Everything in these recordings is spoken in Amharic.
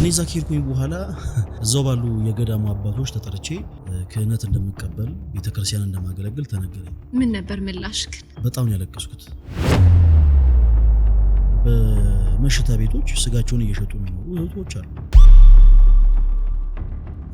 እኔ እዛ ከሄድኩኝ በኋላ እዛው ባሉ የገዳሙ አባቶች ተጠርቼ ክህነት እንደምቀበል ቤተክርስቲያን እንደማገለግል ተነገረኝ። ምን ነበር ምላሽ? ግን በጣም ያለቀስኩት። በመሸታ ቤቶች ስጋቸውን እየሸጡ የሚኖሩ እህቶች አሉ።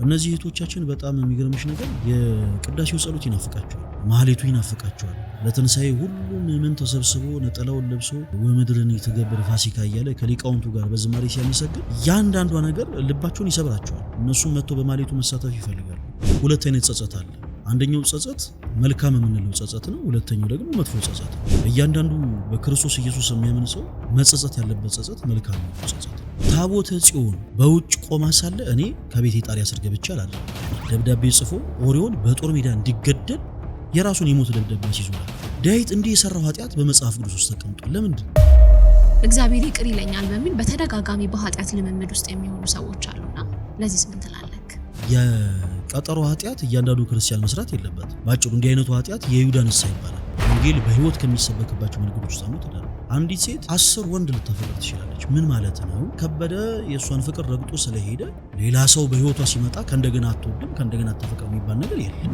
እነዚህ እህቶቻችን በጣም የሚገርምሽ ነገር የቅዳሴው ጸሎት ይናፍቃቸዋል፣ ማህሌቱ ይናፍቃቸዋል። ለትንሣኤ ሁሉም ምን ተሰብስቦ ነጠላውን ለብሶ ወምድርን የተገበረ ፋሲካ እያለ ከሊቃውንቱ ጋር በዝማሬ ሲያመሰግን ያንዳንዷ ነገር ልባቸውን ይሰብራቸዋል። እነሱም መጥቶ በማህሌቱ መሳተፍ ይፈልጋሉ። ሁለት አይነት ጸጸት አለ። አንደኛው ጸጸት መልካም የምንለው ጸጸት ነው። ሁለተኛው ደግሞ መጥፎ ጸጸት ነው። እያንዳንዱ በክርስቶስ ኢየሱስ የሚያምን ሰው መጸጸት ያለበት ጸጸት መልካም ነው ጸጸት። ታቦተ ጽዮን በውጭ ቆማ ሳለ እኔ ከቤት የጣሪያ ስር ገብቼ አላለ ደብዳቤ ጽፎ ኦሪዮን በጦር ሜዳ እንዲገደል የራሱን የሞት ደብዳቤ አስይዟል። ዳዊት እንዲህ የሰራው ኃጢአት በመጽሐፍ ቅዱስ ውስጥ ተቀምጧል። ለምንድን እግዚአብሔር ይቅር ይለኛል በሚል በተደጋጋሚ በኃጢአት ልምምድ ውስጥ የሚሆኑ ሰዎች አሉና ለዚህ ስምንትላለክ ቀጠሮ ኃጢአት እያንዳንዱ ክርስቲያን መስራት የለበት። በአጭሩ እንዲህ አይነቱ ኃጢአት የይሁዳ ንስሐ ይባላል። ወንጌል በህይወት ከሚሰበክባቸው መንገዶች ውስጥ አንዱ ትዳር ነው። አንዲት ሴት አስር ወንድ ልታፈቅር ትችላለች። ምን ማለት ነው? ከበደ የእሷን ፍቅር ረግጦ ስለሄደ ሌላ ሰው በህይወቷ ሲመጣ ከእንደገና አትወድም፣ ከእንደገና አታፈቅር የሚባል ነገር የለም።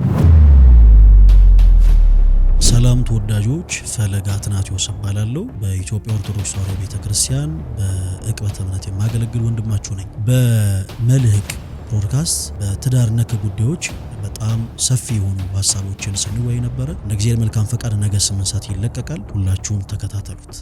ሰላም ተወዳጆች፣ ፈለገ አትናቴዎስ እባላለሁ። በኢትዮጵያ ኦርቶዶክስ ተዋሕዶ ቤተክርስቲያን በእቅበተ እምነት የማገለግል ወንድማችሁ ነኝ። በመልህቅ ፖድካስት በትዳር ነክ ጉዳዮች በጣም ሰፊ የሆኑ ሀሳቦችን ስንወያይ ነበረ። እንደ መልካም ፈቃድ ነገ ስምንት ሰዓት ይለቀቃል። ሁላችሁም ተከታተሉት።